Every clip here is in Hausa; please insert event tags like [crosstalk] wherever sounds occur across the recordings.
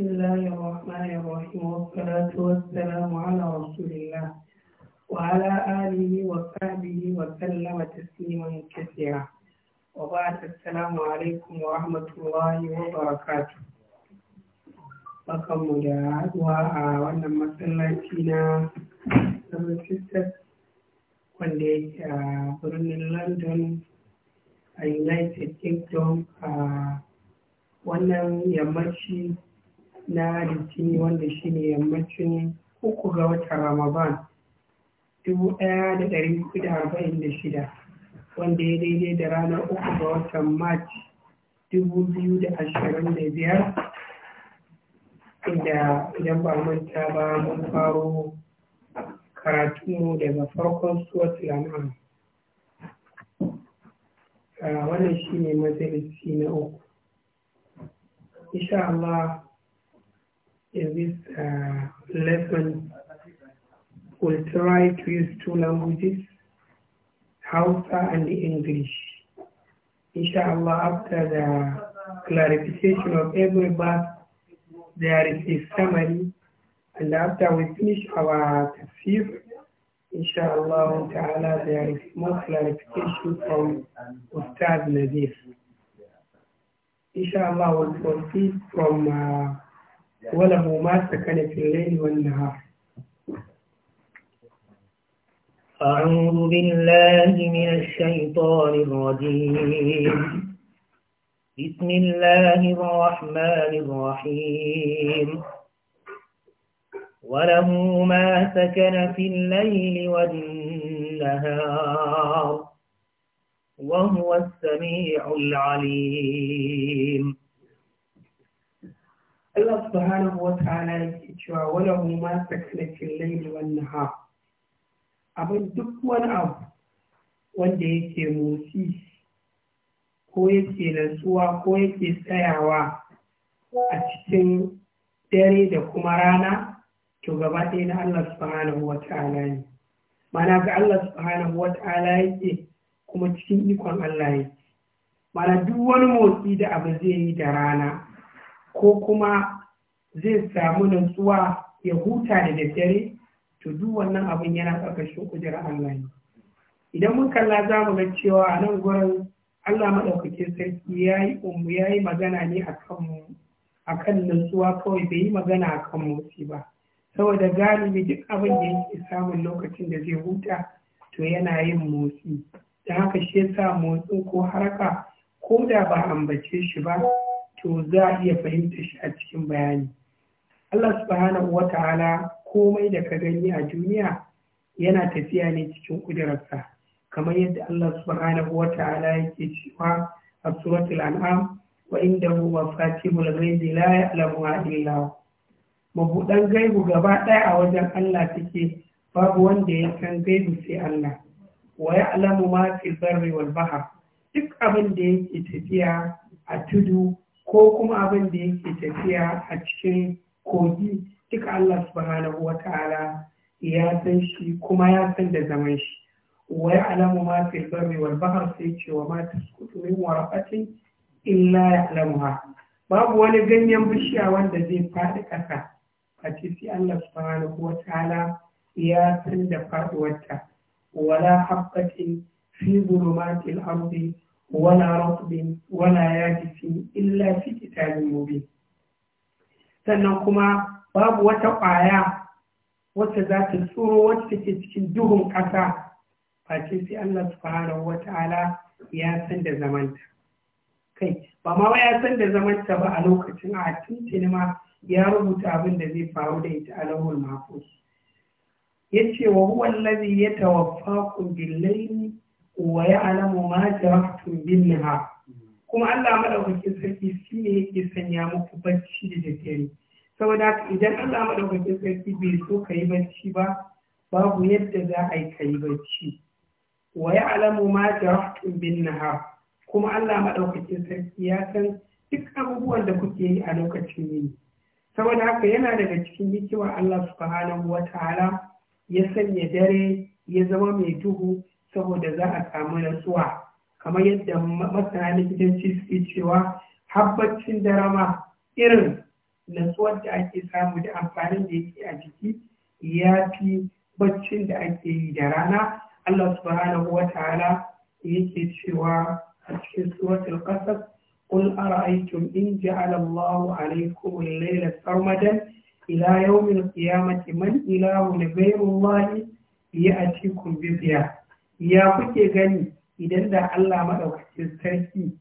بسم الله الرحمن الرحيم والصلاة والسلام على رسول الله وعلى آله وصحبه وسلم تسليما كثيرا وبعد السلام عليكم ورحمة الله وبركاته Bakanmu جاء haɗuwa a تينا masallaci na Seven Sisters wanda yake a birnin London a United Kingdom a wannan yammaci na litini wanda shine yammacin uku ga watan ramadan 1446 wanda ya daidai da ranar uku ga watan march 2025 inda idan ba manta ba mun faro karatunmu daga farkon suwatul lamar ah, wannan shine mazalisi na uku insha Allah in this uh, lesson we'll try to use two languages, Hausa and English. Inshallah, after the clarification of every verse, there is a summary, and after we finish our tafsir, inshallah ta'ala, there is more clarification from Ustad Nazir. Inshallah, we'll proceed from uh, وله ما سكن في الليل والنهار أعوذ بالله من الشيطان الرجيم بسم الله الرحمن الرحيم وله ما سكن في الليل والنهار وهو السميع العليم Allah subhanahu wa ta'ala yake cewa wala hu ma sakana layli wan nahar abin duk wani abu wanda yake motsi ko yake nasuwa ko yake tsayawa a cikin dare da kuma rana to gaba ɗaya na Allah subhanahu wa ta'ala ne mana ga Allah subhanahu wa ta'ala yake kuma cikin ikon Allah yake mana duk wani motsi da abu zai yi da rana ko kuma zai samu nutsuwa ya huta da daddare to duk wannan abin yana ƙarƙashin kujerar Allah ne idan mun kalla za mu ga cewa a nan gurin Allah maɗaukakin sarki ya yi ya yi magana ne a kan nutsuwa kawai bai yi magana a kan motsi ba saboda galibi duk abin da yake samun lokacin da zai huta to yana yin motsi don haka shi sa motsin ko haraka ko da ba ambace shi ba to za a iya fahimta shi a cikin bayani Allah subhanahu wa ta'ala komai da ka gani a duniya yana tafiya ne cikin ƙudurarsa kamar yadda Allah subhanahu wa ta'ala yake cewa a suratul an'am wa indahu mafatihul ghaibi la ya'lamuha illa hu mabudan gaibu gaba ɗaya a wajen Allah take babu wanda ya san gaibu sai Allah wa alamu ma fi barri wal bahr duk abin da yake tafiya a tudu ko kuma abin da yake tafiya a cikin kogi duka Allah subhanahu wa ta'ala ya san shi kuma ya san da zaman shi wa ya'lamu ma fil barri wal bahr sai ce wa ma tasqutu min waraqatin illa ya'lamuha babu wani ganyen bishiya wanda zai faɗi ƙasa a cikin Allah subhanahu wa ta'ala ya san da faɗuwarta wala habbatin fi zulumatil ardi ولا رطب ولا يابس إلا في كتاب مبين sannan kuma babu wata kwaya wacce za ta tsoro wacce cikin duhun ƙasa face sai Allah subhanahu wata'ala ya san da zamanta kai ba ma ya san da zamanta ba a lokacin a tuntuni ma ya rubuta abin da zai faru da ita a lahul mahfuz yace wa huwa allazi yatawaffakum bil wa Alamu ma jarahtum bin kuma Allah madaukakin sarki shi ne yake sanya muku bacci da daddare saboda idan Allah madaukakin sarki bai so ka yi bacci ba babu yadda za a yi ka yi bacci wa Alamu ma jarahtum bin kuma Allah madaukakin sarki ya san duk abubuwan da kuke yi a lokacin yini saboda haka yana daga cikin hikima Allah subhanahu wa ta'ala ya sanya dare ya zama mai duhu saboda za a samu nasuwa kamar yadda masana likitanci suke cewa habbacin darama irin nasuwar da ake samu da amfanin da yake a jiki ya fi baccin da ake yi da rana Allah subhanahu wa ta'ala yake cewa a cikin suratul qasas qul ara'aytum in ja'ala Allahu alaykum al-layla sarmadan ila yawmi al-qiyamati man ilahun ghayru Allah ya'tikum bi dhiyah ya kuke gani idan da Allah maɗaukacin sarki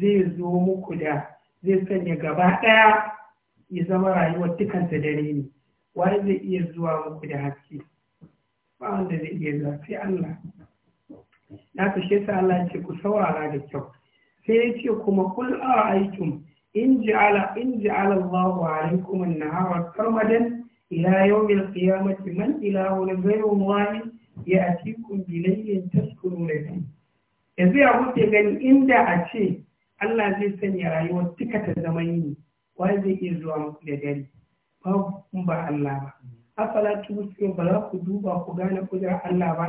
zai zo muku da zai sanya gaba ɗaya ya zama rayuwar tukanta dare ne wani zai iya zuwa muku da haske ba wanda zai iya zuwa sai Allah na kashe sa Allah ce ku saurara da kyau sai ya ce kuma kul a aikin in ala in ji'ala Allahu alaikum an-nahara karmadan ila yawmil qiyamati man ilahun ghayru wani. ya atikum bilayyin taskuruna fi yanzu ya kuke gani inda a ce Allah zai sanya rayuwar duka ta zama yini wai zai iya zuwa muku da dare babu kun ba Allah ba afala tubsirun ba za ku duba ku gane kujerar Allah ba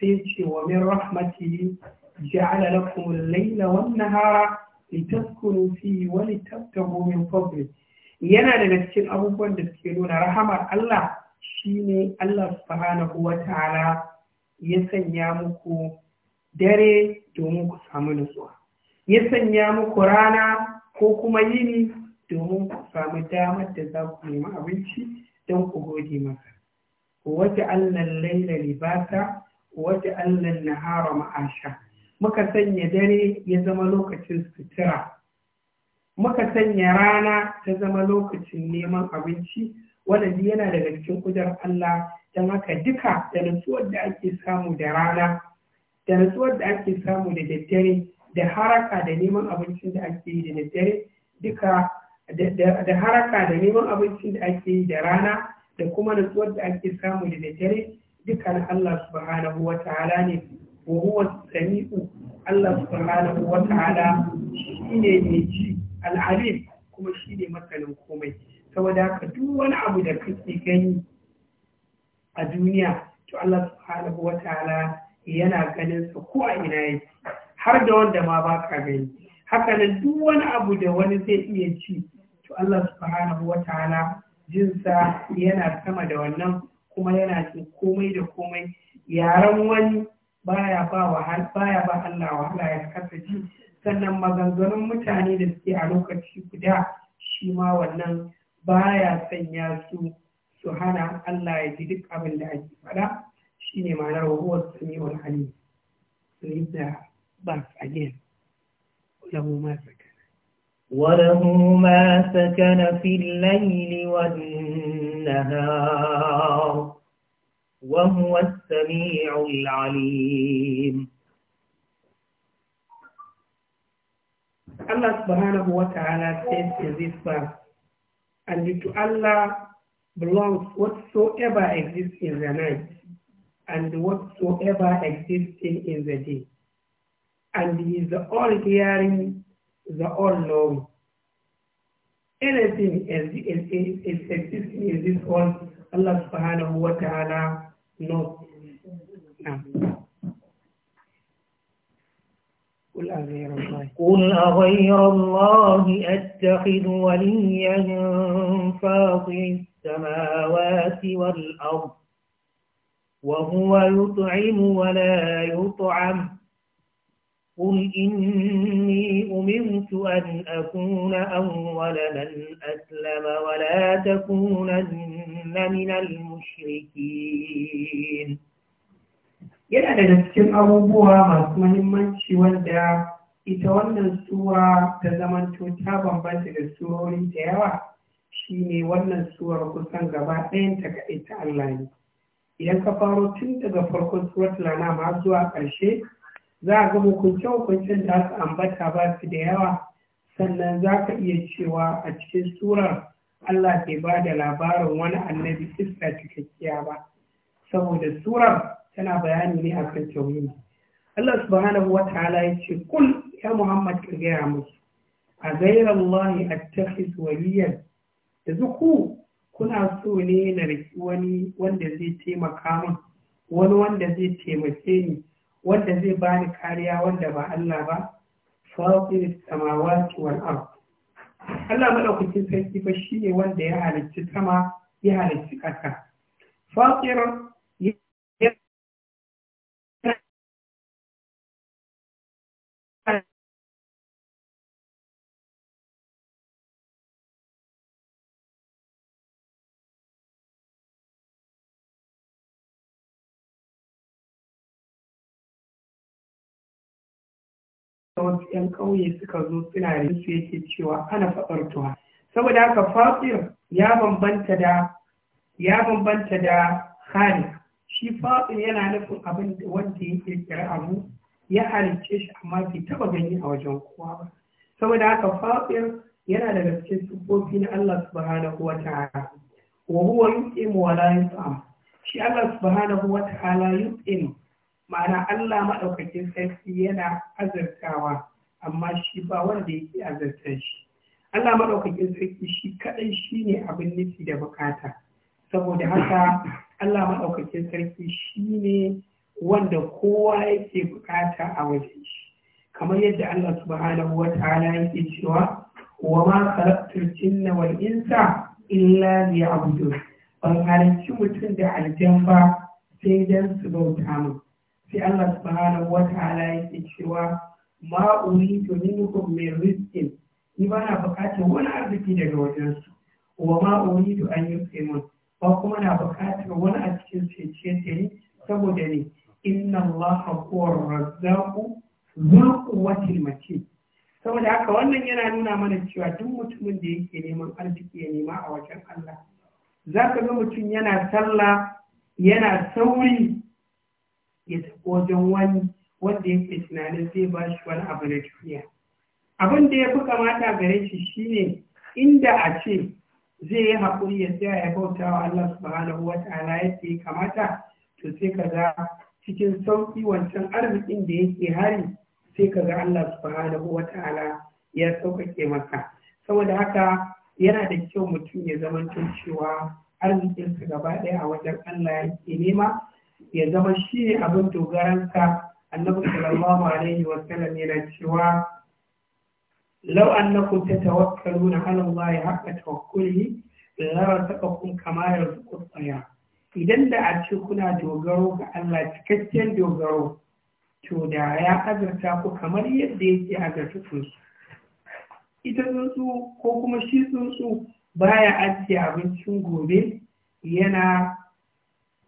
sai ce wa min rahmatihi ja'ala lakum al-layla wan-nahara litaskunu fihi wa litabtaghu min fadlihi yana daga cikin abubuwan da suke nuna rahamar Allah shine Allah subhanahu wa ta'ala ya sanya muku dare domin ku samu nutsuwa ya sanya muku rana ko kuma yini domin ku samu damar da za ku nemi abinci don ku gode masa wata allan laila libasa wata allan nahara ma'asha muka sanya dare ya zama lokacin sutura muka sanya rana ta zama lokacin neman abinci wannan yana daga cikin kujar Allah don haka duka da nutsuwar da ake samu da rana da nutsuwar da ake samu da daddare da haraka da neman abincin da ake yi da daddare duka da haraka da neman abincin da ake yi da rana da kuma nutsuwar da ake samu da daddare duka na Allah subhanahu wa ta'ala ne wa huwa sami'u Allah subhanahu wa ta'ala shine mai ji al'alim kuma shine masanin komai saboda ka duk wani abu da kake gani a duniya to Allah subhanahu wa ta'ala yana ganin sa ko a ina yake har da wanda ma ba ka gani haka nan duk wani abu da wani zai iya ci to Allah subhanahu wa ta'ala jinsa yana sama da wannan kuma yana cin komai da komai yaran wani baya ba baya ba Allah wahala ya kasa ji sannan maganganun mutane da suke a lokaci guda shi ma wannan baya sanya su su hana Allah ya ji duk abin da ake faɗa shine ma'anar wa huwa samiul alim so is the back again lahu ma sakana وله ما سكن في الليل والنهار وهو السميع العليم الله سبحانه وتعالى says in this verse and to Allah belongs whatsoever exists in the night and whatsoever exists in the day. And he is the all-hearing, the all-knowing. Anything is, is, is existing in this world, Allah subhanahu wa ta'ala knows. قل أغير الله قل أغير الله أتخذ وليا فاطر السماوات والأرض وهو يطعم ولا يطعم قل إني أمرت أن أكون أول من أسلم ولا تكونن من المشركين yana da cikin abubuwa masu mahimmanci wanda ita wannan sura ta zamanto ta bambanta da surori da yawa shine wannan suwar kusan gaba ɗayan ta kaɗai ta Allah ne idan ka faro tun daga farkon suwar anam ma zuwa ƙarshe za a ga hukunce hukuncen da aka ambata ba su da yawa sannan za ka iya cewa a cikin surar Allah bai ba da labarin wani annabi iska cikakkiya ba saboda surar tana bayani ne a kan tauhidi Allah subhanahu wa ta'ala ya ce kul ya Muhammad ka gaya musu a gairar Allah tafis waliyar da ku kuna so ne na riki wani wanda zai taimaka min wani wanda zai taimake ni wanda zai bani kariya wanda ba Allah ba fatir samawati wal ard Allah madaukakin sarki ba shine wanda ya halicci sama ya halicci ƙasa fatir wasu 'yan ƙauye suka zo suna da su yake cewa ana faɗar tuwa saboda haka fatir ya bambanta da ya khali shi fatir yana nufin abin da wanda ya kira abu ya halice shi amma bai taba gani a wajen kowa ba saboda haka fatir yana daga cikin sufofi na Allah subhanahu wata'ala wa huwa yut'imu wa la yut'am shi Allah subhanahu wata'ala yut'imu ma'ana Allah maɗaukakin sarki yana azartawa amma shi ba wanda yake azartar shi Allah maɗaukakin sarki shi kaɗai shi ne abin nufi da bukata saboda haka Allah maɗaukakin sarki shi ne wanda kowa yake bukata a wajen shi kamar yadda Allah subhanahu wa ta'ala yake cewa wa ma khalaqtul jinna wal insa illa liya'budun ban halarci mutum da aljan ba sai dan su bauta mu sai Allah subhanahu wa ta'ala yake cewa ma uritu minkum min rizqin ni ba na bukatar wani arziki daga wajen su wa ma uritu an yusimun ba kuma na bukatar wani a cikin su ce ni saboda ne inna Allah huwa razzaqu dhul quwwati matin saboda haka wannan yana nuna mana cewa duk mutumin da yake neman arziki ya nema a wajen Allah zaka ga mutum yana sallah yana sauri ya tafi wajen wani wanda ya ke tunanin zai ba shi wani abu na duniya abin da ya fi kamata gare shi shine inda a ce zai yi haƙuri ya tsaya ya bauta wa Allah subhanahu wa ta'ala ya ke kamata to sai ka ga cikin sauƙi wancan arzikin da yake hari sai ka ga Allah subhanahu wa ta'ala ya sauƙaƙe maka saboda haka yana da kyau mutum ya zamanto cewa arzikinsa gaba ɗaya a wajen Allah yake nema ya zama shi ne abin dogaranka annabi sallallahu alaihi wa sallam yana cewa law annakum tatawakkaluna ala allahi haqqa tawakkulihi la razaqakum kama yarzuqu at idan da a ce kuna dogaro ga Allah cikakken dogaro to da ya azurta ku kamar yadda yake azurta ku ita tsuntsu ko kuma shi tsuntsu baya ajiye abincin gobe yana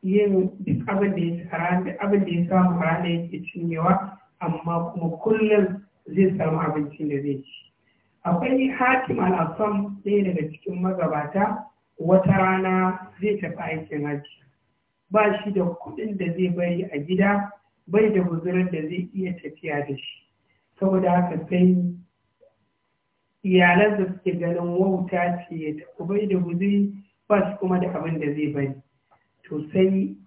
yin duk abin da ya haram da abin da ya samu haram da yake cinyewa amma kuma kullum zai samu abincin da zai ci akwai hakim al'asam ɗaya daga cikin magabata wata rana zai tafi aikin haji ba shi da kuɗin da zai bari a gida bai da guzurin da zai iya tafiya da shi saboda haka sai iyalan da suke ganin wauta ce ya tafi bai da guzuri ba shi kuma da abin da zai bari to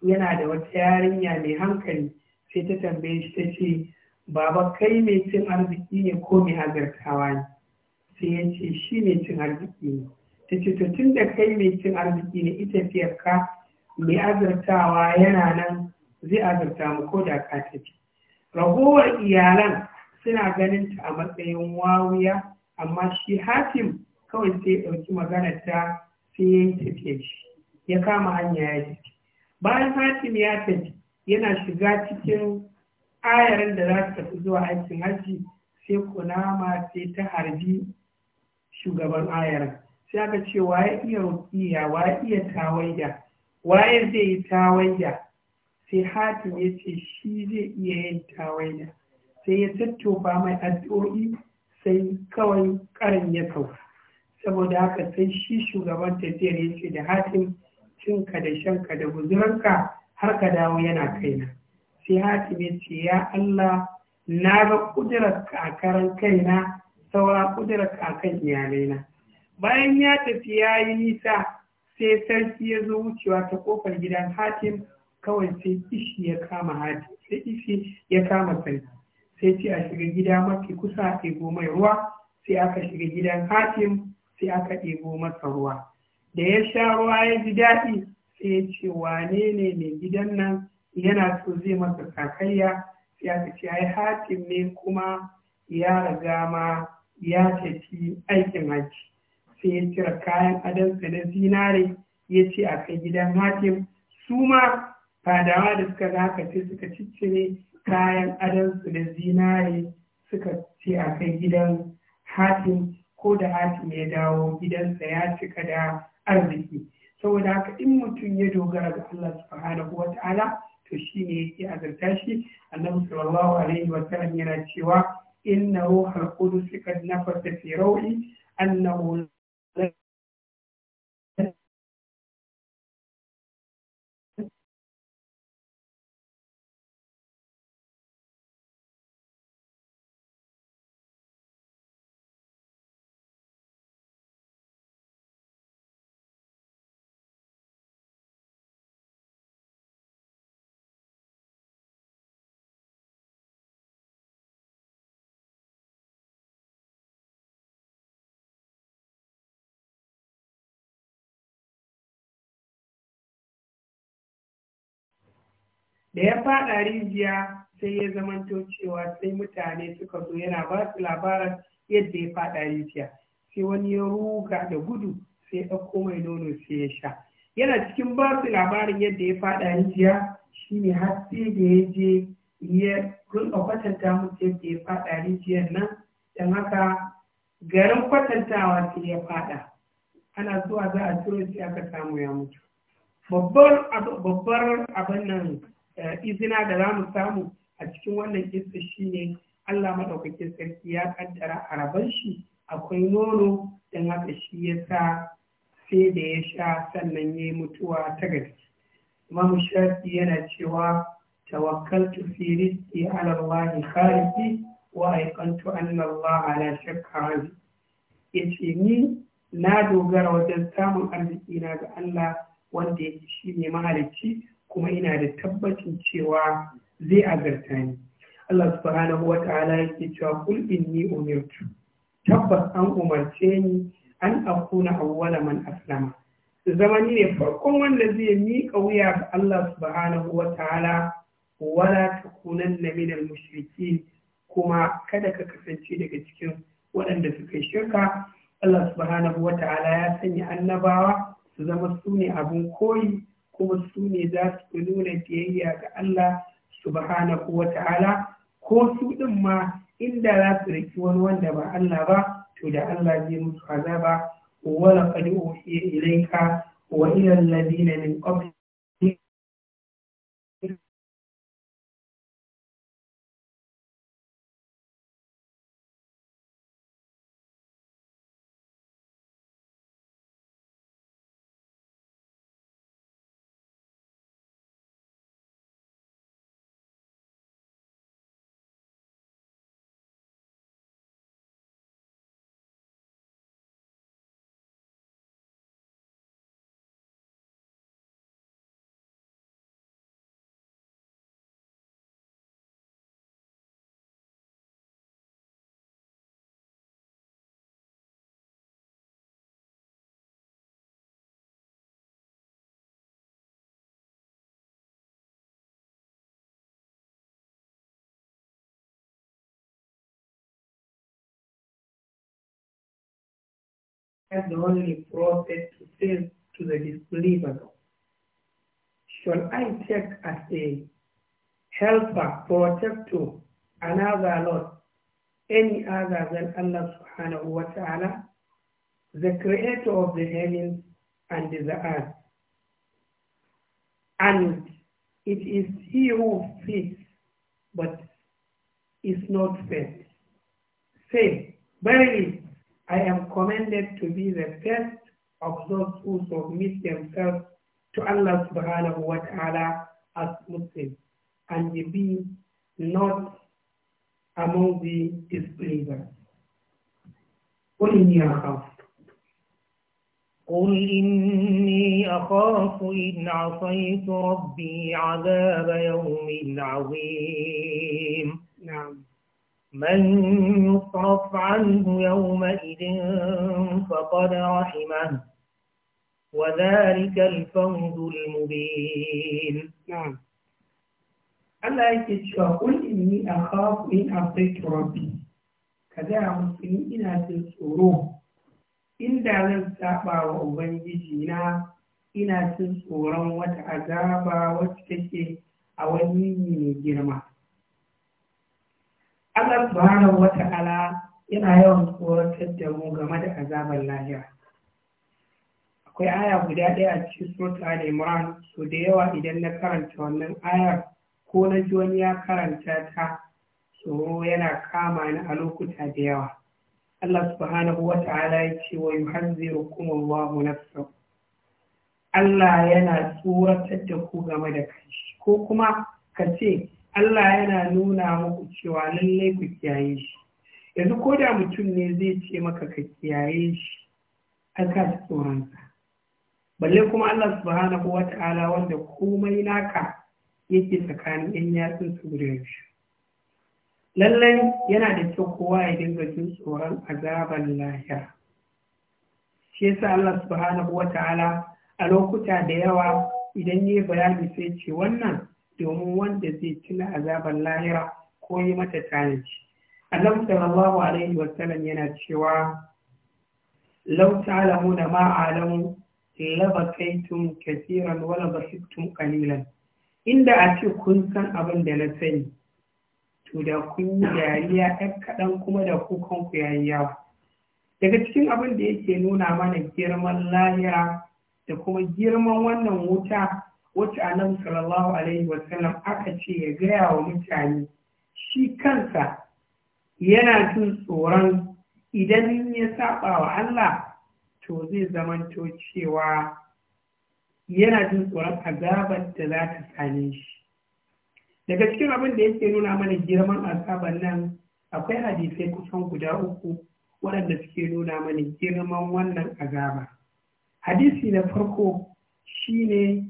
yana da wata yarinya mai hankali sai ta tambaye shi ta ce baba kai mai cin arziki ne ko mai azartawa ne sai ya ce shi mai cin arziki ne ta ce to tun da kai mai cin arziki ne ita fiyarka mai azartawa yana nan zai azarta mu ko da ka tafi ragowar iyalan suna ganin ta a matsayin wawuya amma shi hakim kawai sai ya ɗauki magana ta sai ya yi tafiya shi ya kama hanya ya ji bayan hatim ya tafi yana shiga cikin ayarin da za su tafi zuwa aikin hajji sai kunama sai ta harbi shugaban ayarin sai aka ce wa ya iya rukiya ya iya tawayya ya zai yi tawayya sai hatim ya ce shi zai iya yin tawayya sai ya tattofa mai addu'o'i sai kawai karin ya sauka saboda haka sai shi shugaban tafiyar ya ce da hatim cinka da shanka da guzuranka har ka dawo yana kaina sai hatimi ce ya Allah na ga kudirar a kaina saura kudirar a kan iyalaina bayan ya tafi ya yi nisa sai sarki ya zo wucewa ta kofar gidan hatim kawai sai ishi ya kama hatim sai ishi ya kama sarki sai ce a shiga gida mafi kusa a ɗebo mai ruwa sai aka shiga gidan hatim sai aka ɗebo masa ruwa da ya sha ruwa ya ji daɗi sai ya ce wane ne mai gidan nan yana so zai masa kakayya Ya aka ce ai hatim ne kuma ya riga ma ya tafi aikin haji sai ya cire kayan adansa na zinare ya ce a kai gidan hatim su ma fadawa da suka zaka ce suka ciccire kayan adansu na zinare suka ce a kai gidan hatim ko da hatim ya dawo gidansa ya cika da arziki saboda haka in mutum ya dogara ga Allah subhanahu wa ta'ala to shi ne yake azarta shi annabi sallallahu alaihi wa sallam yana cewa inna ruhal qudus kad nafasa fi rawi annahu da ya faɗa rijiya sai ya zamanto cewa sai mutane suka zo yana ba su labarin yadda ya faɗa rijiya sai wani ya ruga da gudu sai ya mai nono sai ya sha yana cikin ba su labarin yadda ya faɗa rijiya shine har sai da ya je ya rinka kwatanta musu yadda ya faɗa rijiyar nan don haka garin kwatantawa sai ya faɗa ana zuwa za a turo sai aka samu ya mutu babbar abin nan Eh, izina da za mu samu a cikin wannan shi ne Allah maɗaukakin sarki ya ƙaddara a raban shi akwai nono don haka shi ya sa sai da ya sha sannan ya yi mutuwa ta gaske imamu shafi yana cewa tawakkaltu fi rizqi ala Allah khaliqi wa aiqantu anna Allah ala shakka yace ni na dogara wajen samun arziki na ga Allah wanda yake shi ne mahalicci kuma ina da tabbacin cewa zai azarta ni Allah subhanahu wa ta'ala yake cewa kul inni umirtu tabbas an umarce ni an akuna awwala man aslama zamani ne farkon wanda zai mika wuya ga Allah subhanahu wa ta'ala wala takunanna minal mushrikin kuma kada ka kasance daga cikin waɗanda suka yi shirka Allah subhanahu wa ta'ala ya sanya annabawa su zama su ne abin koyi kuma su ne za su nuna biyayya ga Allah subhanahu wa ta'ala ko su ɗin ma inda za su riki wani wanda ba Allah ba to da Allah zai musu azaba wala qad uhiya ilayka wa ila alladhina min qabl as the only prophet to say to the disbeliever, shall I take as a helper, protector, another Lord, any other than Allah subhanahu wa ta'ala, the creator of the heavens and the earth. And it is he who fits, but is not fed. Say, verily, I am commended to be the best of those who submit themselves to Allah subhanahu wa ta'ala as Muslims and be not among the disbelievers. قل أخاف قل إني أخاف إن عصيت ربي عذاب يوم عظيم نعم من يصرف عنه يومئذ فقد رحمه وذلك الفوز المبين نعم الله يكتشف قل إني أخاف إن أعطيت ربي كذا مسلم إلى تنسوروه إن دعنا سابع وأبنجينا إلى تنسورا وتعذابا وتكشف أولي من جرمه Allah subhanahu ta'ala yana yawan tsoratar da mu game da azabar lahira akwai aya guda ɗaya a cikin suratul al imran so da yawa idan na karanta wannan ayar ko na ji wani ya karanta ta tsoro yana kama ni a lokuta da yawa Allah subhanahu wa ta'ala ya ce wa yuhazzirukum Allahu nafsa. Allah yana tsoratar da ku game da kai ko kuma ka ce Allah yana nuna muku cewa lallai ku kiyaye shi yanzu ko da mutum ne zai ce maka ka kiyaye shi an ka tsoronsa balle kuma Allah subhanahu wa ta'ala wanda komai naka yake tsakanin yan yatsun su guda biyu lallai yana da kyau kowa ya dinga jin tsoron azaban lahira shi yasa Allah subhanahu wa ta'ala a lokuta da yawa idan yi bayani sai ce wannan domin wanda zai tuna azabar lahira ko yi mata tanaji annabi sallallahu alaihi wasallam yana cewa law da ma alamu labakaitum kasiran wala bahittum qalilan inda a ce kun san abin da na sani to da kun yi dariya ɗan kaɗan kuma da kukan ku yayi yawa daga cikin abin da yake nuna mana girman lahira da kuma girman wannan wuta wacce annabi sallallahu alaihi wa sallam, aka ce ya gaya wa mutane shi kansa yana jin tsoron idan ya saba wa Allah to zai zamanto cewa yana jin tsoron azabar da za ta same shi daga cikin abin da yake nuna mana girman azabar nan akwai hadisai kusan guda uku waɗanda suke nuna mana girman wannan azaba hadisi na farko shine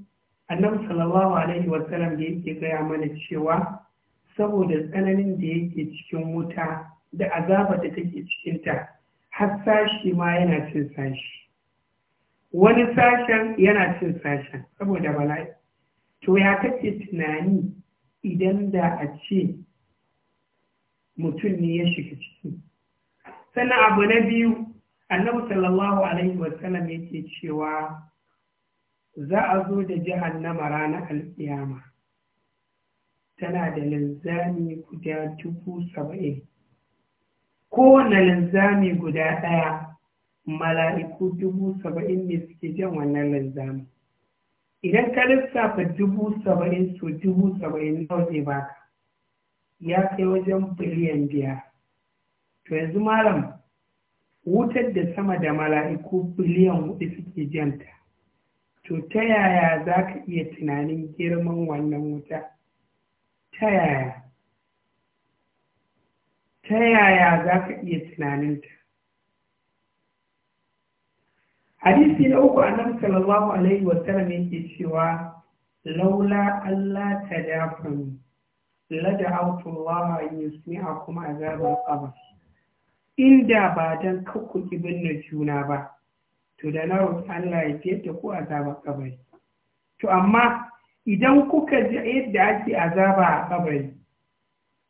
annabi sallallahu alaihi wasallam da yake gaya mana cewa saboda tsananin da yake cikin wuta da azaba da take cikinta har sashi ma yana cin sashi wani sashen yana cin sashen saboda bala'i to ya kace tunani idan da a ce mutum ne ya shiga ciki sannan abu na biyu annabi sallallahu alaihi wasallam yake cewa za a zo da jahannama ranar alƙiyama tana da linzami guda dubu saba'in kowane linzami guda ɗaya mala'iku dubu saba'in ne suke jan wannan linzami idan ka lissafa dubu saba'in su dubu saba'in nawa zai baka ya kai wajen biliyan biyar to yanzu malam wutar da sama da mala'iku biliyan hudu suke janta to ta yaya za ka iya tunanin girman wannan wuta ta yaya ta yaya za ka iya tunaninta hadisi na uku a nan sallallahu alaihi wasallam yake cewa laula Allah ta dafani lada Allah an a kuma azabar qabr inda ba dan kakkuki binne juna ba to da na nawa Allah ya ta ko azaba kabari to amma idan kuka ji yadda ake azaba a kabari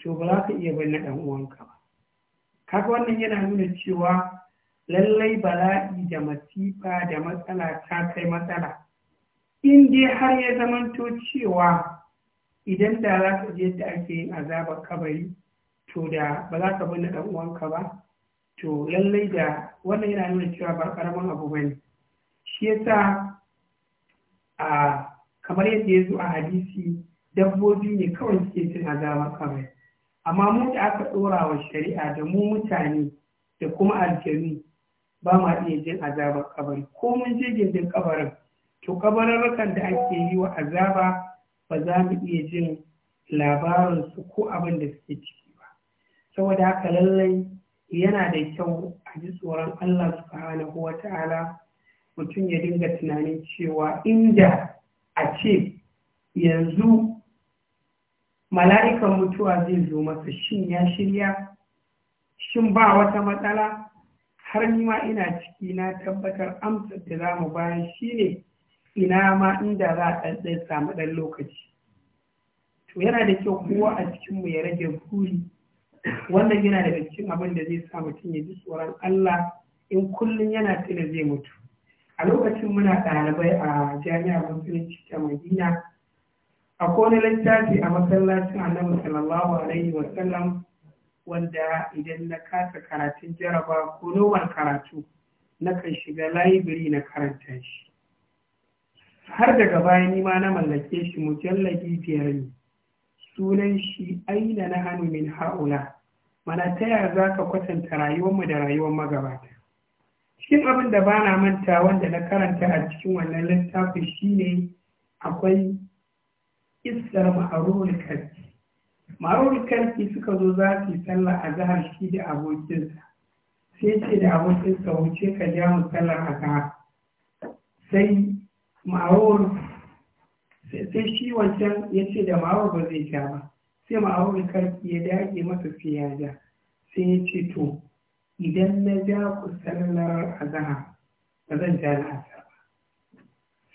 to ba za ka iya na ɗan uwanka ba kaga wannan yana nuna cewa lallai bala'i da masifa da matsala ta kai matsala in dai har ya zamanto cewa idan da za ka ji yadda ake yin azabar kabari to da ba za ka na ɗan uwanka ba to lallai da wannan yana nuna cewa ba karamin abu ba ne shi yasa a kamar yadda ya zo a hadisi dabbobi ne kawai suke cin azabar kamar amma mu da aka ɗora wa shari'a da mu mutane da kuma aljanu ba ma iya jin azabar kabari ko mun je gindin kabarin to kabararrukan da ake yi wa azaba ba za mu iya jin su ko abin da suke ciki ba saboda haka lallai yana da kyau a ji tsoron Allah subhanahu wa ta'ala mutum ya dinga tunanin cewa inda a ce yanzu mala'ikan mutuwa zai zo masa shin ya shirya shin ba wata matsala har nima ina ciki na tabbatar amsa da za mu bayan shi ne ina ma inda za a ɗanɗan samu ɗan lokaci to yana da kyau kowa a cikinmu ya rage buri wannan yana da cikin abin da zai sa mutum ya ji tsoron Allah in kullum yana tuna zai mutu a lokacin muna ɗalibai a jami'ar musulunci ta madina a kone littafi a masallacin annabi sallallahu alaihi wasallam wanda idan na kasa karatun jaraba ko noman karatu na kan shiga laibiri na karanta shi har daga baya ni ma na mallake shi mujallabi biyar ne sunan shi aina na hannu min ha'ula mana ta yaya za ka kwatanta rayuwarmu da rayuwar magabata cikin abin da ba na manta wanda na karanta a cikin wannan littafin shine akwai isar ma'arul karfi karfi suka zo za su yi sallah a zahar shi da abokinsa sai ce da abokinsa wuce ka ja mu sallar a sai ma'arul sai shi wancan ya ce da ma'awar ba zai ja ba sai ma'awar karfi ya dage masa sai ya ja sai ya ce to idan na ja ku sallar azaha ba zan ja na asa ba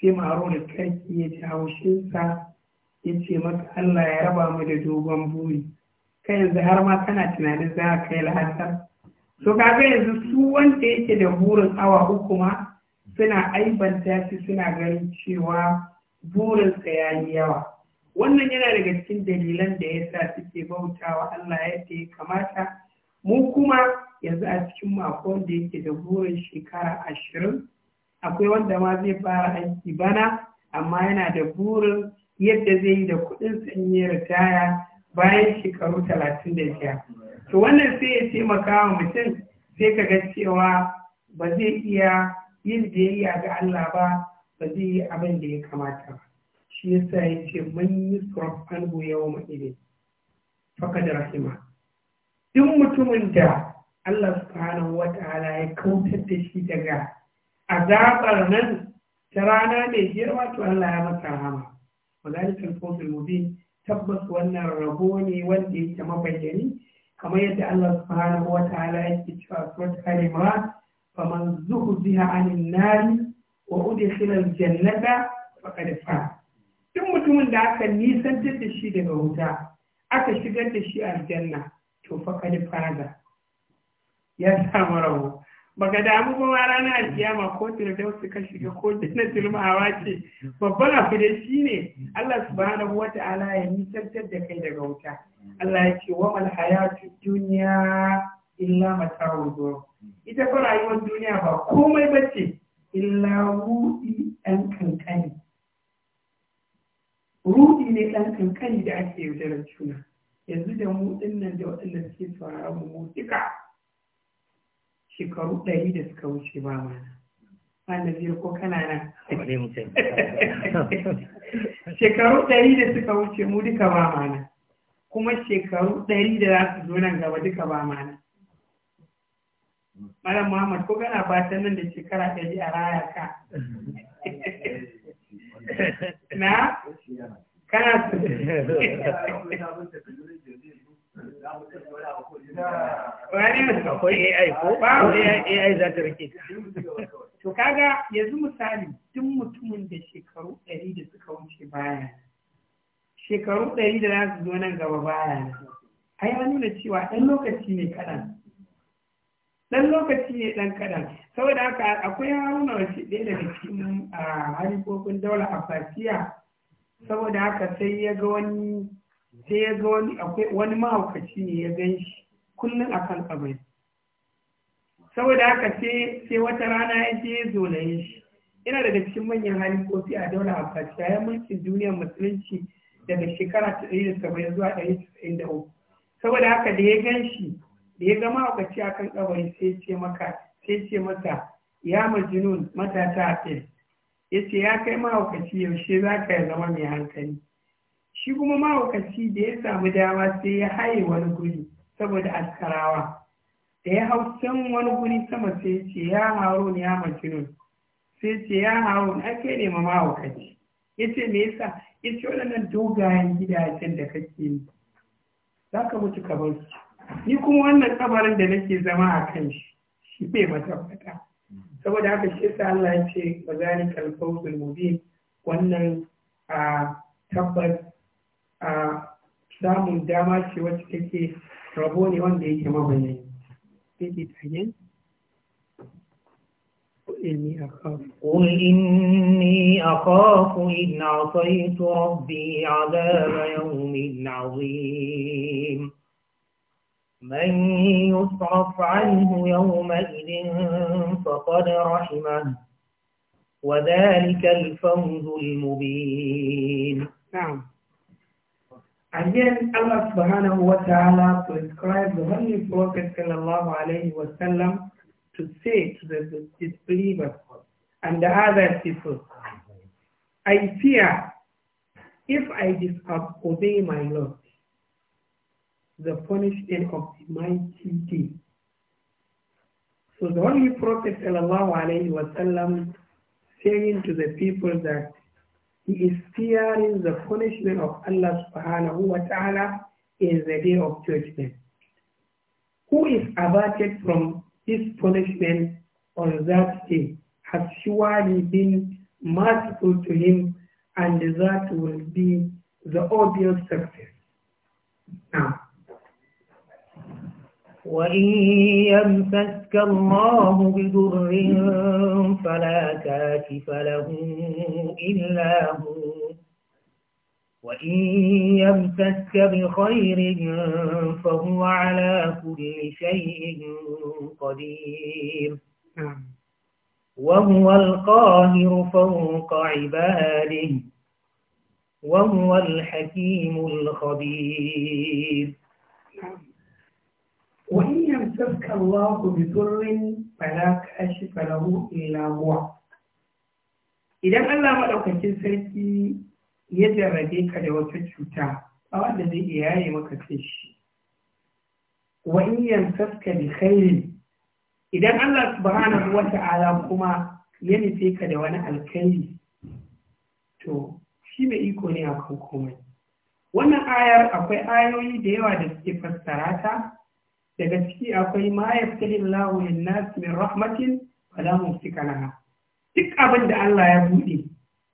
sai ma'awar karfi ya ja haushinsa ya ce masa Allah ya raba mu da dogon buri kai yanzu har ma kana tunanin za ka kai lahatar? to kaga yanzu su wanda yake da burin awa uku ma suna aibanta shi suna ganin cewa burinsa ya yi yawa wannan yana daga cikin dalilan da ya sa suke bautawa Allah yadda ya kamata mu kuma yanzu a cikin mako da yake da burin shekara ashirin akwai wanda ma zai fara aiki bana amma yana da burin yadda zai yi da kuɗin sanye ritaya bayan shekaru talatin da biya to wannan sai ya taimaka wa mutum sai ka ga cewa ba zai iya yin biyayya ga Allah ba ba zai yi abin da ya kamata ba shi yasa ya ce man yi suraf an yawa ma'ile faka da rahima duk mutumin da Allah hana wa ta'ala ya kautar da shi daga azabar nan ta rana mai girma to Allah ya masa rahama wa zalikal mubin tabbas wannan rabo ne wanda ya yake mabayyani kamar yadda Allah subhanahu wa ta'ala yake cewa surat al-imran faman zuhziha 'anil nari wa udkhila al-jannata faqad fa mutumin da aka nisantar da shi daga wuta aka shigar da shi aljanna to faqad faza ya samu rawo baka damu ba ma ranar alkiyama ko firdausi ka shiga ko jannatul ma'awa ce babban abu da shi ne Allah subhanahu wa ta'ala ya nisantar da kai daga wuta Allah ya ce wa mal hayatu dunya illa mata'u ita fa rayuwar duniya ba komai bace illa ruɗi ɗan kankani ruɗi ne ɗan kankani da ake yaudarar juna yanzu da mu dinnan da waɗanda suke sauraron mu duka shekaru ɗari da suka wuce ba mana annabi ko kana nan [laughs] shekaru ɗari da suka wuce mu duka ba mana kuma shekaru ɗari da za su zo nan gaba duka ba mana Malam Muhammad ko kana fatan nan da shekara ta ji a raya ka. [laughs] Na? Kana su. Akwai AI ko? Ba AI za ta rike. To kaga yanzu misali duk mutumin da shekaru ɗari da suka wuce baya. Shekaru ɗari da za su zo nan gaba baya. Ai an nuna cewa ɗan lokaci ne kaɗan. dan lokaci ne dan kadan saboda haka akwai haruna wasu ɗaya daga cikin harikokin daular afasiya saboda haka sai ya ga wani sai ya ga wani akwai wani mahaukaci ne ya gan shi kullum a kan kabari saboda haka sai sai wata rana ya je ya zolaye shi ina daga cikin manyan harikoki a daular afasiya ya mulkin duniyar musulunci daga shekara ta ɗaya da saba'in zuwa ɗari da saboda haka da ya gan shi da ya zama a a kan kabari sai ce maka sai ce mata ya majnun matata a fil ya ce ya kai mahaukaci yaushe za ka zama mai hankali shi kuma mahaukaci da ya samu dama sai ya haye wani guri saboda askarawa da ya hau can wani guri sama sai ce ya harun ya majinun sai ce ya harun ake nema mahaukaci ya ce me yasa ya ce waɗannan dogayen gidajen da kake yi za ka mutu ka bar su ni kuma wannan kabarin da nake zama a kan shi shi bai matabbata saboda haka shi sa Allah ya ce ba za ni kalfautul mubin wannan a tabbas a samun dama ce wacce take rabo ne wanda yake mabayani yake tsaye قل إني أخاف إن عصيت ربي عذاب يوم عظيم من يصرف عنه يومئذ فقد رحمه وذلك الفوز المبين نعم Again, Allah subhanahu wa ta'ala prescribed the Holy Prophet sallallahu alayhi wa sallam to say to the disbelievers and the other people, I fear if I disobey my Lord, the punishment of the mighty day. So the Holy Prophet wasallam saying to the people that he is fearing the punishment of Allah subhanahu wa ta'ala in the day of judgment. Who is averted from this punishment on that day has surely been merciful to him and that will be the obvious success. Now, وإن يمسسك الله بضر فلا كاشف له إلا هو وإن يمسسك بخير فهو على كل شيء قدير نعم. وهو القاهر فوق عباده وهو الحكيم الخبير نعم. وإن يمسك الله بضر فلا كاشف له إلا هو idan Allah maɗaukacin sarki ya jarrabe ka da wata cuta a wanda zai iya yaye maka kai shi wa bi khairin idan Allah subhanahu wa ta'ala kuma ya nufe ka da wani alkhairi to shi mai iko ne akan komai wannan ayar akwai ayoyi da yawa da suke fassarata. daga ciki akwai ma yaftali Allahu min rahmatin mu fi laha duk abin da Allah ya buɗe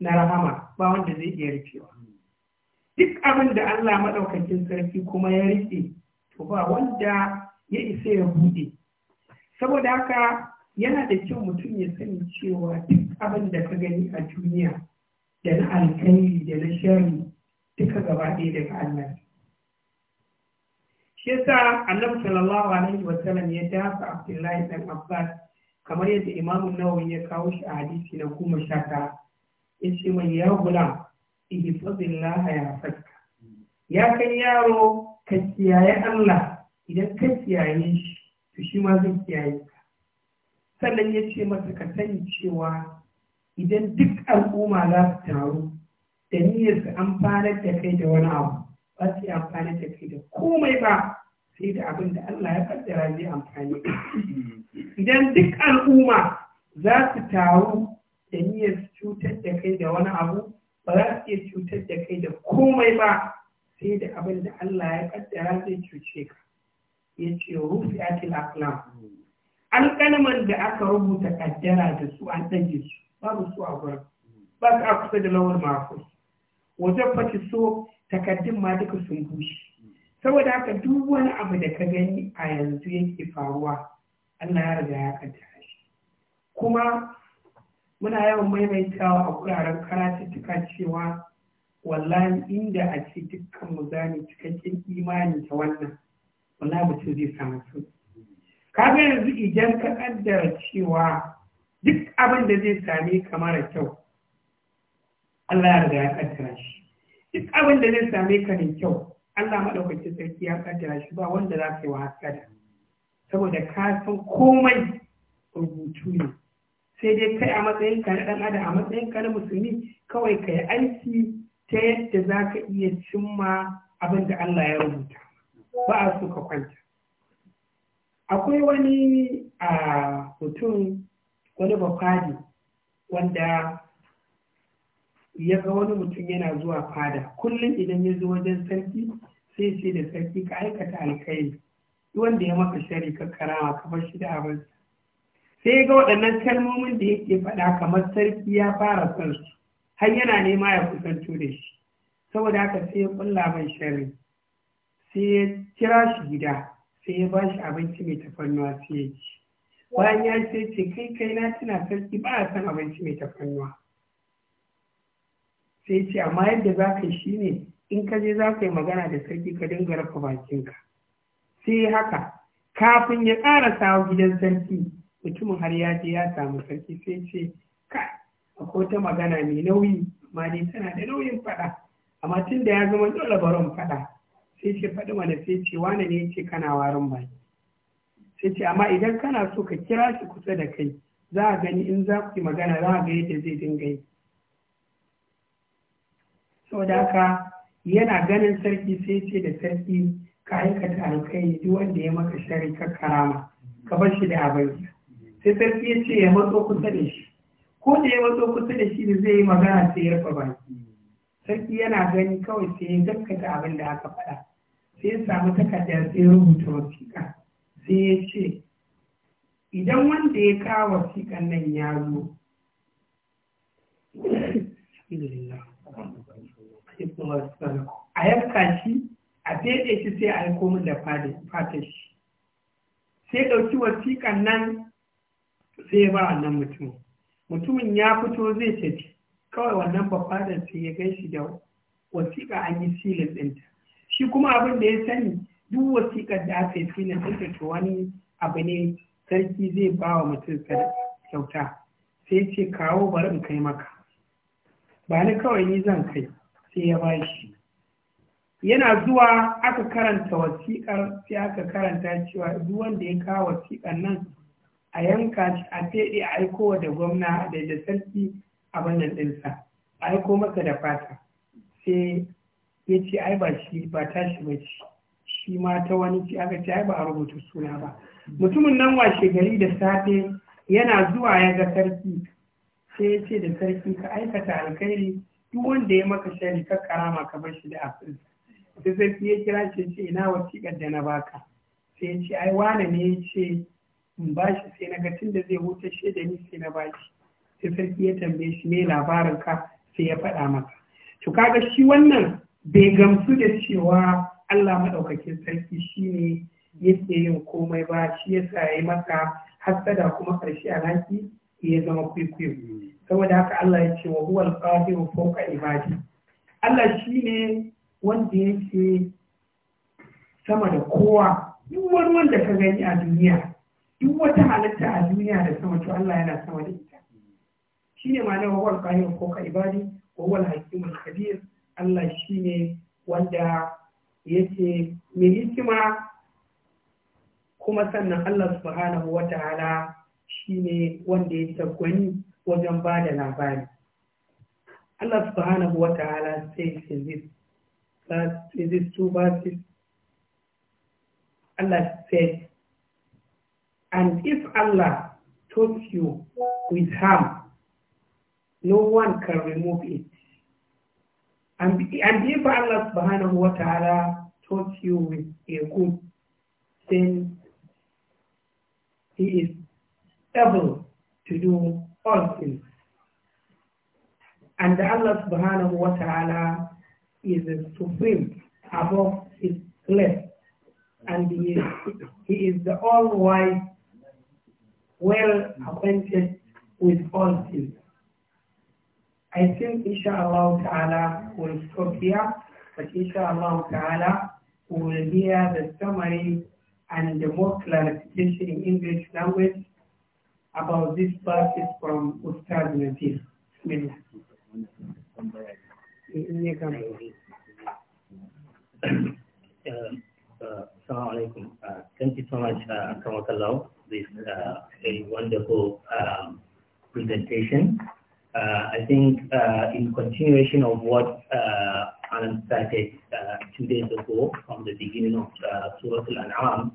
na rahama ba wanda zai iya rufewa duk abin da Allah maɗaukacin sarki kuma ya rufe to ba wanda ya isa ya buɗe saboda haka yana da kyau mutum ya sani cewa duk abin da ka gani a duniya da na alkhairi da na shari duka gaba ɗaya daga Allah shi yasa annabi sallallahu alaihi wa sallam ya dafa abdullahi dan abbas kamar yadda Imam nawawi ya kawo shi a hadisi na kuma sha tara ya ce mai ya gulam ihfazillah ya fakka ya kan yaro ka kiyaye Allah idan ka kiyaye shi to shi ma zai kiyaye ka sannan ya ce masa ka sani cewa idan duk al'umma za su taru da niyyar su amfanar da kai da wani abu ba su yi amfani da kai da komai ba sai da abin da Allah ya kaddara zai amfani idan duk al'umma za su taru da niyyar cutar da kai da wani abu ba za su iya cutar da kai da komai ba sai da abin da Allah ya kaddara zai cuce ka ya ce rufi akil aklam alƙalman da aka rubuta kaddara da su an ɗage su babu su a gurin ba su kusa da lawar mafus wajen fati so Takardun ma duka sun bushe saboda haka duk wani abu da ka gani a yanzu yake faruwa Allah ya riga ya kanta shi kuma muna yawan maimaitawa a wuraren karatuttuka cewa wallahi inda a ce dukkan mu zani cikakken imani ta wannan wallahi mutum zai samu su ga yanzu idan ka kaddara cewa duk abin da zai same ka mara kyau Allah ya riga ya kaddara shi duk abin da zai same ka ne kyau Allah maɗaukacin sarki ya kaddara shi ba wanda za ka yi wa haskada saboda ka san komai rubutu ne sai dai kai a matsayin ka na ɗan adam a matsayin ka na musulmi kawai ka yi aiki ta yadda za ka iya cimma abin da Allah ya rubuta ba a so ka kwanta akwai wani a ah, mutum wani bafadi wanda ya ga wani mutum yana zuwa fada kullum idan ya zo wajen sarki sai ce da sarki ka aikata alkhairi wanda ya maka shari ka karama ka bar shi da abin sai ga waɗannan kalmomin da yake faɗa kamar sarki ya fara son su har yana nema ya kusanto da shi saboda haka sai ya kulla mai shari sai ya kira shi gida sai ya ba shi abinci mai tafarnuwa sai ya ci bayan ya ce kai kai na tuna sarki ba a son abinci mai tafarnuwa sai ce amma yadda za ka shi ne in ka je za ka yi magana da sarki ka dinga rafa bakinka sai haka kafin ya ƙara sawa gidan sarki mutumin har ya je ya samu sarki sai ce ka akwai ta magana mai nauyi amma dai tana da nauyin faɗa amma tun da ya zama dole baron faɗa sai ce faɗi mana sai ce wane ne ce kana warin baki sai ce amma idan kana so ka kira shi kusa da kai za a gani in za ku yi magana za a ga yadda zai dinga yi saboda haka yana ganin sarki sai ce da sarki ka aikata alkai duk wanda ya maka shari ka karama ka bar shi da abin sai sarki ya ce ya matso kusa da shi ko da ya matso kusa da shi da zai yi magana sai ya rufe baki sarki yana gani kawai sai ya gaskata abin da aka faɗa sai ya samu takarda sai ya rubuta wasiƙa sai ya ce idan wanda ya kawo wasiƙan nan ya zo ibn salaku a yanka shi a fede shi sai a yi komin da fata shi sai ɗauki wasiƙan nan sai ba wannan mutumin mutumin ya fito zai tafi kawai wannan bafadan sai ya gaishe da wasiƙa an yi silin ɗinta shi kuma abin da ya sani duk wasiƙar da aka yi filin ɗinta to wani abu ne sarki zai ba wa mutum kyauta sai ce kawo bari in kai maka ba ni kawai ni zan kai sai ya ba shi yana zuwa aka karanta wasiƙar sai aka karanta cewa duk wanda ya kawo wasiƙar nan a yanka shi a feɗe a aiko da gwamna da da sarki a wannan ɗinsa a aiko masa da fata sai ya ce ai ba shi ba tashi ba shi shi ma ta wani shi aka ce ai ba a rubuta suna ba mutumin nan washe gari da safe yana zuwa ya ga sarki sai ya ce da sarki ka aikata alkhairi duk wanda ya maka shari ka karama ka bar shi da afirka sai sarki ya kira shi ce ina wasiƙar da na baka sai ya ce ai wane ne ya ce in ba shi sai na ga tunda zai huta shi da ni sai na ba shi sai sarki ya tambaye shi ne labarin ka sai ya faɗa maka to kaga shi wannan bai gamsu da cewa Allah maɗaukakin sarki shine yake yin komai ba shi yasa ya yi maka hassada kuma ƙarshe alhaki ya zama kwaikwayo saboda haka Allah ya ce wa huwa al-qahiru fawqa ibadi Allah shine wanda yake sama da kowa duk wani wanda ka gani a duniya duk wata halitta a duniya da sama to Allah yana sama da ita shine ma wa huwa al-qahiru fawqa ibadi wa huwa al-hakim al-khabir Allah shine wanda yake mai hikima kuma sannan Allah subhanahu wa ta'ala shine wanda ya ta gwani wajen ba da labari Allah subhanahu wa ta'ala says in this in these two verses Allah said and if Allah touch you with harm no one can remove it and, and if Allah subhanahu wa ta'ala touch you with a good then he is able to do all things. And Allah subhanahu wa ta'ala is supreme above his left. And he is, he is the all-wise, well acquainted with all things. I think inshallah ta'ala will stop here, but inshallah ta'ala will hear the summary and the more clarification in English language about this passage from Ustad Nazir. Bismillah. Uh, uh, Assalamu alaikum. Uh, thank you so much, Akramakallah, uh, this uh, very wonderful um, presentation. Uh, I think uh, in continuation of what uh, Alan started two days ago from the beginning of Surah Al-An'am,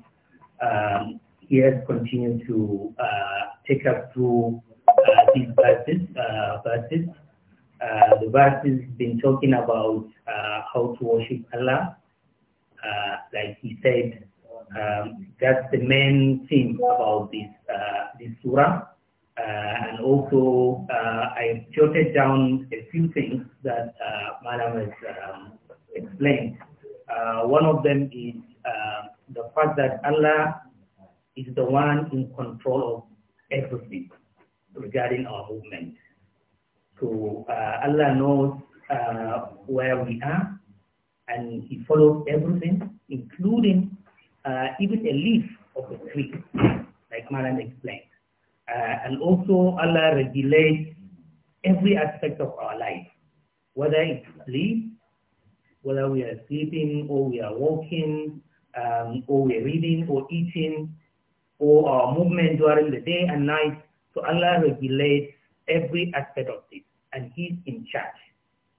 um, he has continued to take up to these uh, verses, uh, verses. Uh, the verses been talking about how to worship Allah. like he said, um, that's the main theme about this this surah. and also, I jotted down a few things that Madam has um, explained. one of them is um, the fact that Allah is the one in control of everything regarding our movement. So uh, Allah knows uh, where we are and He follows everything, including uh, even a leaf of a tree, like Maran explained. Uh, and also Allah regulates every aspect of our life, whether it's sleep, whether we are sleeping or we are walking, um, or we are reading or eating, or our uh, movement during the day and night. So Allah regulates every aspect of this and He's in charge.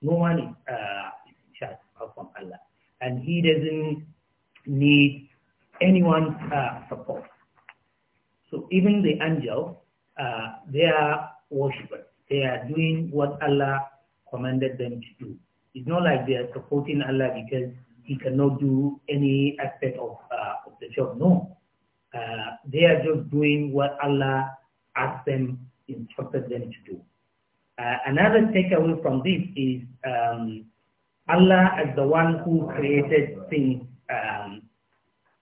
No one is, uh, is in charge apart from Allah. And He doesn't need anyone's uh, support. So even the angels, uh, they are worshippers. They are doing what Allah commanded them to do. It's not like they are supporting Allah because He cannot do any aspect of, uh, of the job. No, uh, they are just doing what Allah asked them, instructed them to do. Uh, another takeaway from this is um, Allah is the one who created things um,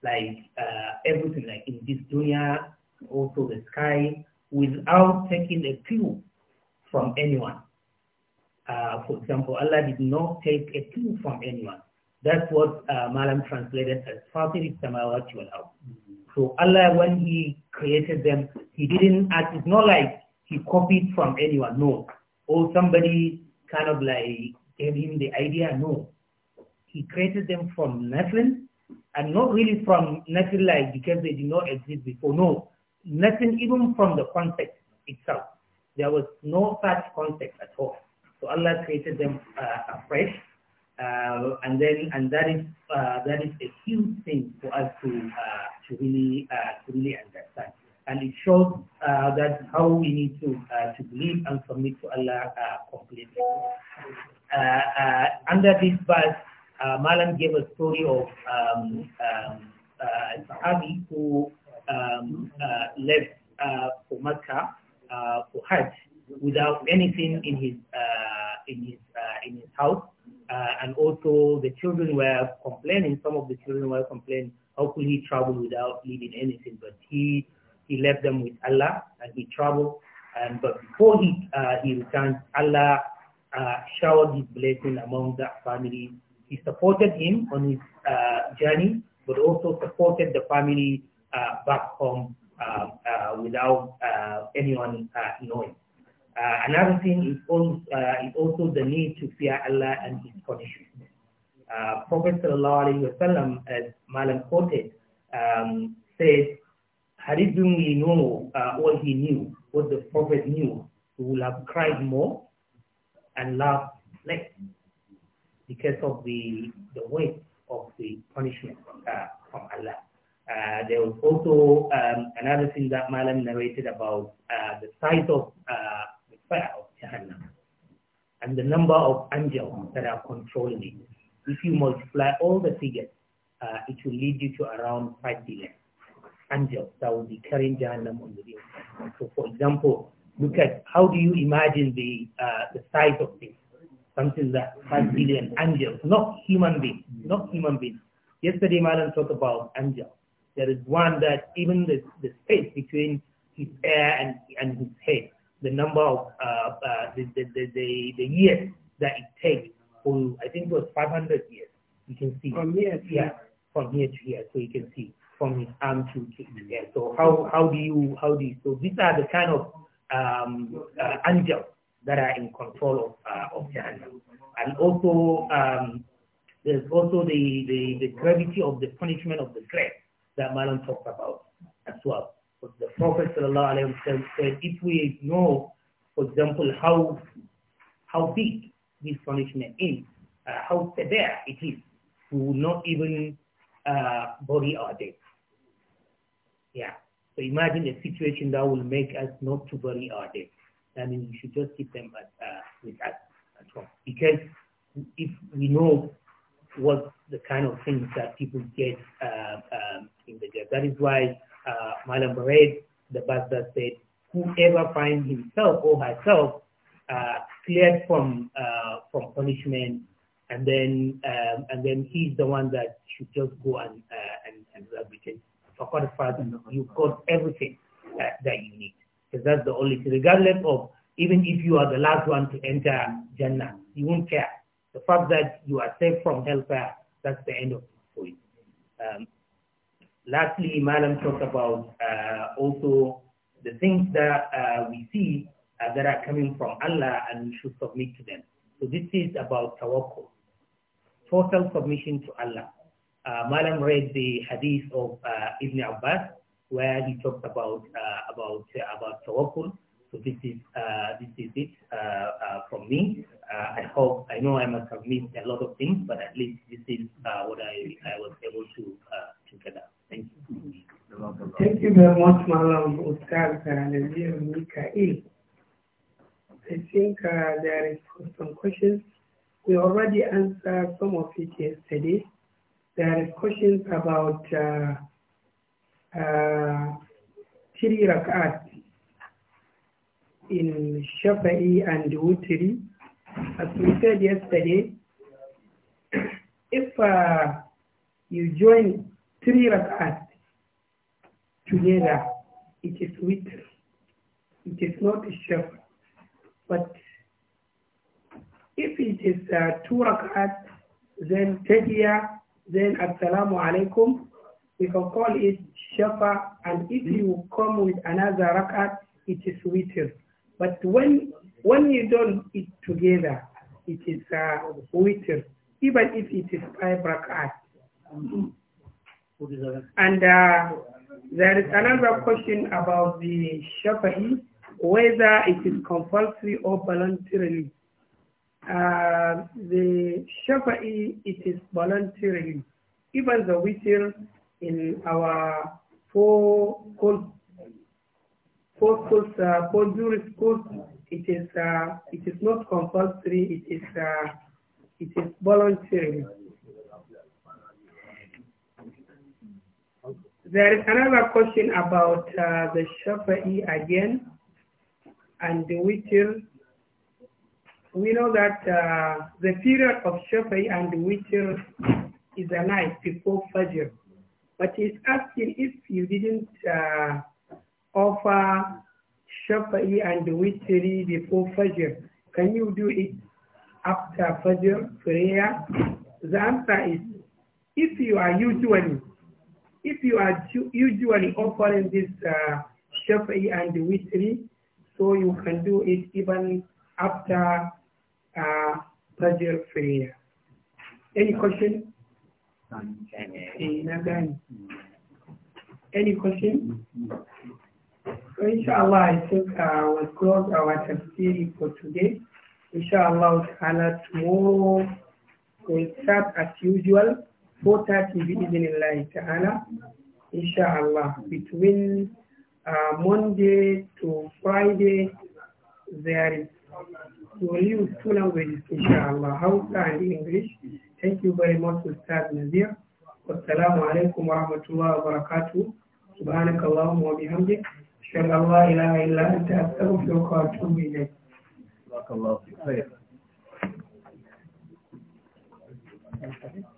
like uh, everything, like in this dunya, also the sky, without taking a clue from anyone. Uh, for example, Allah did not take a clue from anyone. That's what uh, Malam translated as Fatih Samawati wal so Allah, when He created them, He didn't it's not like He copied from anyone, no. Or somebody kind of like gave him the idea, no. He created them from nothing, and not really from nothing like because they did not exist before, no. Nothing even from the concept itself. There was no such concept at all. So Allah created them uh, afresh. Uh, and then, and that is uh, that is a huge thing for us to uh, to really uh, to really understand. And it shows uh, that how we need to uh, to believe and submit to Allah completely. under this verse, Malam gave a story of um, um, a Sahabi who um, left for Mecca for Hajj without anything in his in his in his house, and also the children were complaining. Some of the children were complaining how could he travel without leaving anything? But he he left them with Allah and he traveled. And but before he uh, he returned, Allah uh, showered his blessing among that family. He supported him on his uh, journey, but also supported the family uh, back home uh, uh, without anyone knowing. another thing is also, is also the need to fear Allah and His punishment uh, Prophet wasallam, as Malam quoted, um, said, had he only known uh, what he knew, what the Prophet knew, he would have cried more and laughed less because of the, the weight of the punishment uh, from Allah. Uh, there was also um, another thing that Malam narrated about uh, the size of uh, the fire of Jahannam and the number of angels that are controlling it. If you multiply all the figures, uh, it will lead you to around 5 billion angels that will be carrying Jahannam on the inside. So for example, look at how do you imagine the, uh, the size of this? Something that 5 billion angels, not human beings, not human beings. Yesterday, Malan talked about angels. There is one that even the, the space between his ear and, and his head, the number of uh, uh, the, the, the, the, years that it takes I think it was 500 years. You can see. From here to here. From here to here. So you can see from his arm to, to mm-hmm. here. So how, how do you, how do you, so these are the kind of um, uh, angels that are in control of, uh, of Jahannam. And also, um, there's also the, the, the gravity of the punishment of the grave that Malan talked about as well. But the Prophet said, if we know, for example, how, how big this punishment is, uh, how severe it is, to not even uh, bury our dead. Yeah. So imagine a situation that will make us not to bury our dead. I mean, we should just keep them at, uh, with us at home. Because if we know what the kind of things that people get uh, um, in the death, that is why uh, Malam Bared, the Baghdad said, whoever finds himself or herself uh, cleared from uh, from punishment, and then um, and then he's the one that should just go and uh, and, and rehabilitate. For quarter five, you've got everything that you need. Because that's the only thing. Regardless of even if you are the last one to enter Jannah, you won't care. The fact that you are safe from hellfire, that's the end of it for you. Um, lastly, Malam talked about uh, also the things that uh, we see uh, that are coming from Allah and we should submit to them. So this is about tawakkul, total submission to Allah. Uh, Malam read the hadith of uh, Ibn Abbas where he talked about uh, about uh, about tawakkul. So this is uh, this is it uh, from me. I hope I know I must have missed a lot of things, but at least this is what I, I was able to to get out. Thank you. Thank you very much, Malam Oscar and Mikael. I think uh, there is some questions. We already answered some of it yesterday. There is questions about uh, uh, three rakat in shafa'i and Wutri. As we said yesterday, if uh, you join three rakat together, it is with It is not shafa'i. But if it is uh, two rakat, then tahiyya, then assalamu alaikum, we can call it shafa, and if you come with another rakat, it is witr. But when when you don't it together, it is uh, witr, even if it is five rakat. And uh, there is another question about the shafa'i whether it is compulsory or voluntarily. Uh, the Shafi'i, it is voluntarily. Even the whistle in our four schools, four schools, uh, four it is uh, it is not compulsory. It is uh, it is voluntary. There is another question about uh, the Shafi'i again and the witr, we know that uh, the period of Shafi and witr is a night before Fajr. But he's asking if you didn't uh, offer Shafi and witr before Fajr, can you do it after Fajr prayer? The answer is if you are usually if you are usually offering this uh, Shafi and witr so you can do it even after uh, Fajr Any question? Eh, Any question? So inshallah, I think uh, we'll close our tafsiri for today. Inshallah, ta'ala, tomorrow we'll start as usual, 4.30 bi idhnillahi ta'ala. Inshallah, between uh, Monday to Friday, there is to we'll use two languages, inshallah, Hausa and English. Thank you very much, Ustaz Nazir. Assalamu alaikum wa rahmatullahi wa barakatuh. سبحانك اللهم وبحمدك أشهد أن لا إله إلا أنت أستغفرك وأتوب إليك. جزاك الله خير.